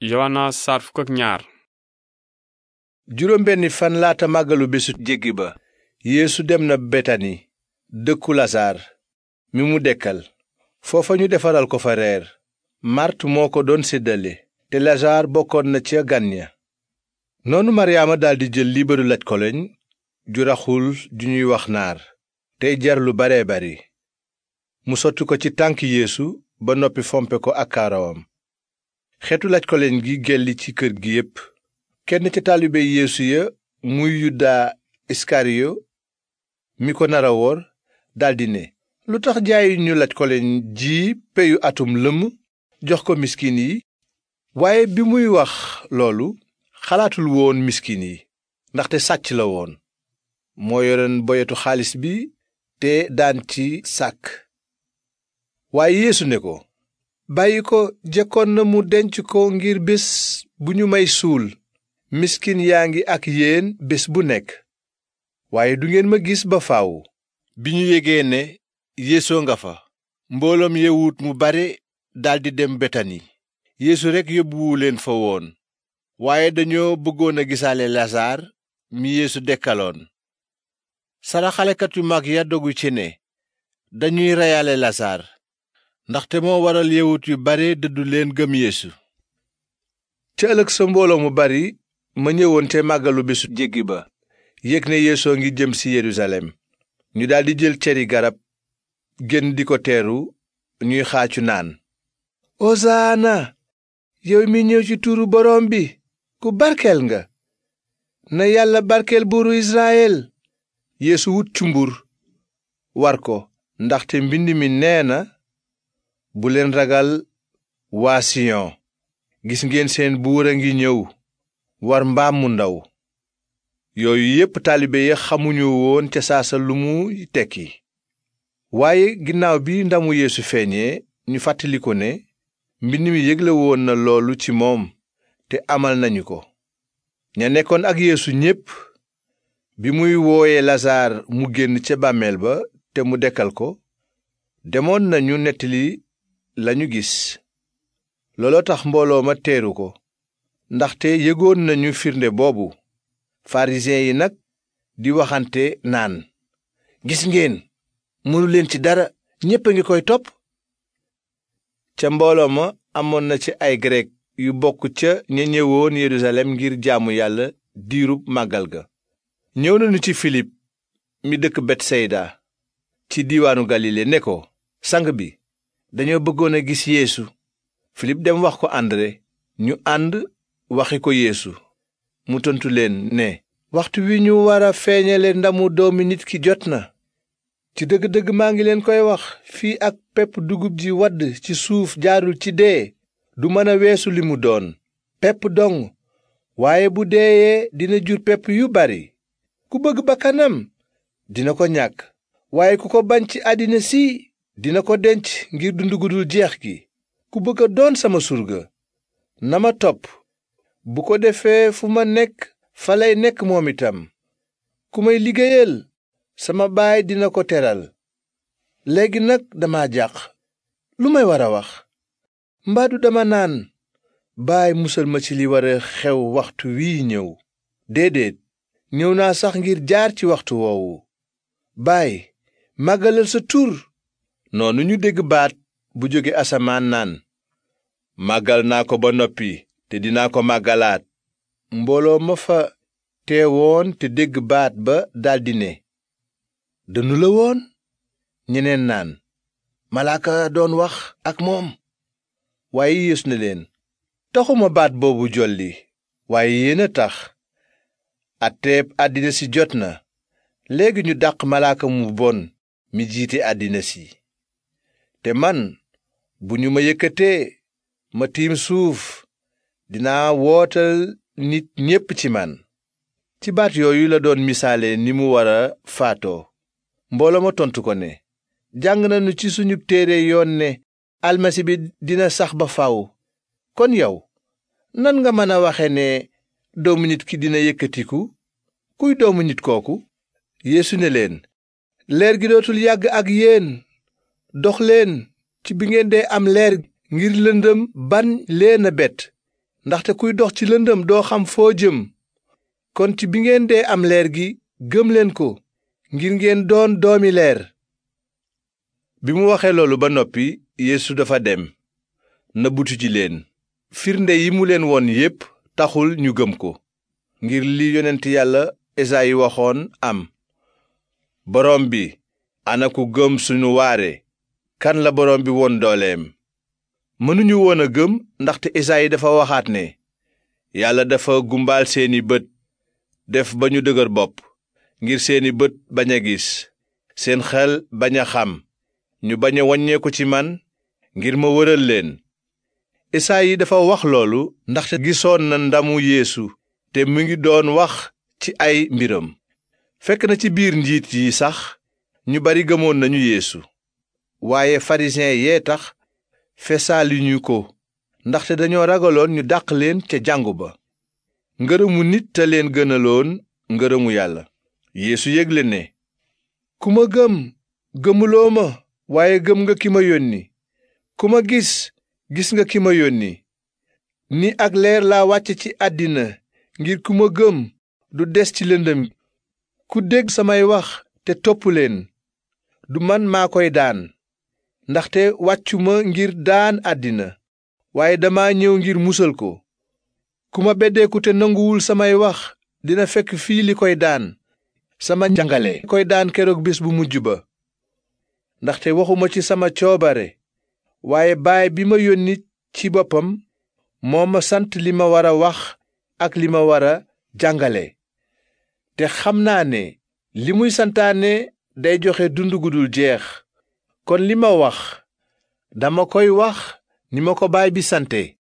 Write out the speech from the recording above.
Yowaana saar juróom benni fan laata màggalu bésu jéggi ba yéesu dem na betani dëkku lasaar mi mu dekkal foofa ñu defaral ko fa reer màrt moo ko doon séddale te lasaar bokkoon na ca gan ya noonu maryaama daldi jël liibaru laj koloñ ju raxul ju ñuy wax naar tey jar lu bare bari mu sotti ko ci tànk yeesu ba noppi fompe ko ak kaarawam xeetu lajkoleen gi gelli ci kër gi yépp kenn ca taalibe yéesu ya muy yudaa iskariyo mi ko nara daldi ne lu tax jaayu ñu lajkoleen ji peyu atum lëmm jox ko miskin yi waaye bi muy wax loolu xalaatul woon miskin yi ndaxte sàcc la woon moo yoroon boyetu xaalis bi te daan ci sàkk waaye yéesu ne ko bàyyi ko jekkoon na mu denc ko ngir bés bu ñu may suul miskin yaa ngi ak yéen bés bu nekk waaye du ngeen ma gis ba faw bi ñu yégee ne yéesoo nga fa mbooloom yewut mu bare daldi dem betani yéesu rekk yóbbuwu leen fa woon waaye dañoo bëggoon a gisaale lasaar mi yéesu dekkaloon saraxalekat yu mag ya ci ne dañuy reyale lasaar ndaxte moo waral yewut yu bare dëddu leen gëm yeesu ca ëllëg sa mbooloo mu bari ma ñëwoon te màggalu bésu jéggi ba yëg ne yeesoo ngi jëm si yerusalem ñu daldi jël ceri garab génn di ko teeru ñuy xaacu naan osaana yow mi ñëw ci tuuru boroom bi ku barkeel nga na yàlla barkeel buuru israyel yeesu wut cumbur war ko ndaxte mbind mi nee na bu leen ragal waa siyon gis ngeen seen buur a ngi ñëw war mbaam mu ndaw yooyu yépp taalibe ya xamuñu woon ca saasa lu mu tekki waaye ginnaaw bi ndamu yéesu feeñee ñu fàttaliku ne mbind mi yégle woon na loolu ci moom te amal nañu ko ña nekkoon ak yéesu ñépp bi muy wooye lasaar mu génn ca bàmmeel ba te mu dekkal ko demoon nañu nettali lañu gis looloo tax mbooloo ma teeru ko ndaxte yëgoon nañu firnde boobu farisiyen yi nag di waxante naan gis ngeen mënu leen ci dara ñépp a ngi koy topp ca mbooloo ma amoon na ci ay grek yu bokk ca ña ñëwoon yerusalem ngir jaamu yàlla diirub màggal ga ñëw nañu ci filib mi dëkk betsayda ci diiwaanu galile ne ko sang bi dañoo bëggoon a gis yeesu filip dem wax ko andre ñu ànd waxi ko yéesu mu tontu leen ne waxtu wi ñu war a feeñale ndamu doomi nit ki jot na ci dëgg-dëgg maa ngi leen koy wax fii ak pepp dugub ji wadd ci suuf jaarul ci dee du mën a weesu li mu doon pepp dong waaye bu deeyee dina jur pepp yu bari ku bëgg bakkanam dina ko ñàkk waaye ku ko bañ ci àddina si dina ko denc ngir dund gu jeex gi ku bëgg a doon sama surga na ma topp bu ko defee fu ma nekk fa lay nekk moom itam ku may liggéeyal sama baay dina ko teral léegi nag dama jàq lu may war a wax mbaadu dama naan baay musal ma ci li war a xew waxtu wii ñëw déedéet ñëw naa sax ngir jaar ci waxtu woowu baay màggalal sa tur noonu ñu dégg baat bu jóge asamaan naan màggal naa ko ba noppi te dinaa ko màggalaat mbooloo ma fa teewoon te dégg baat ba daldi ne dënu la woon ñeneen naan malaaka doon wax ak moom waaye yeesu na leen taxuma baat boobu jolli waaye yéen a tax atteeb àddina si jot na léegi ñu daq malaaka mu bon mi jiite àddina si te man bu ñu ma yëkkatee ma tiim suuf dinaa wootal nit ñépp ci man ci baat yooyu la doon misaale ni mu war a faatoo mbooloo ma tontu ko ne jàng nañu ci suñu téere yoon ne almasi bi dina sax ba faw kon yow nan nga mën a waxe ne doomu nit ki dina yëkkatiku kuy doomu nit kooku yeesu ne leen leer gi dootul yàgg ak yéen doxleen ci bi ngeen dee am leer ngir lëndëm ban leen a bett ndaxte kuy dox ci lëndëm doo xam foo jëm kon ci bi ngeen dee am leer gi gëm leen ko ngir ngeen doon doomi leer bi mu waxee loolu ba noppi yéesu dafa dem nëbbutu ji leen firnde yi mu leen won yépp taxul ñu gëm ko ngir li yonent yàlla esayi waxoon am boroom bi ana ku gëm sunu waare kan la borom bi woon dooleem mënuñu woon a gëm ndaxte Esayi dafa waxaat ne yàlla dafa gumbaal seeni bët def ba ñu dëgër bopp ngir seeni bët bañ a gis seen xel bañ a xam ñu bañ a waññeeku ci man ngir ma wëral leen Esayi dafa wax loolu ndaxte gisoon na ndamu yéesu te mu ngi doon wax ci ay mbiram fekk na ci biir njiit yi sax ñu bari gëmoon nañu yéesu waaye farisiyen yee tax fesaaluñu ko ndaxte dañoo ragaloon ñu dàq leen ca jàngu ba ngërëmu nit te leen gënaloon ngërëmu yàlla yéesu yégle ne ku ma gëm gëmuloo ma waaye gëm nga ki ma yónni ku ma gis gis nga ki ma yónni ni ak leer laa wàcc ci àddina ngir ku ma gëm du des ci lëndëm ku dégg samay wax te topp leen du man maa koy daan ndaxte wàccuma ngir daan àddina waaye dama ñëw ngir musal ko ku ma beddeeku te nanguwul samay wax dina fekk fii li koy daan sama jàngale koy daan keroog bés bu mujj ba ndaxte waxuma ci sama coobare waaye baay bi ma yónni ci boppam moo ma sant li ma war a wax ak li ma war a jàngale te xam naa ne li muy santaane day joxe dund gudul jeex kon li ma wax dama koy wax ni ma ko baay bi sante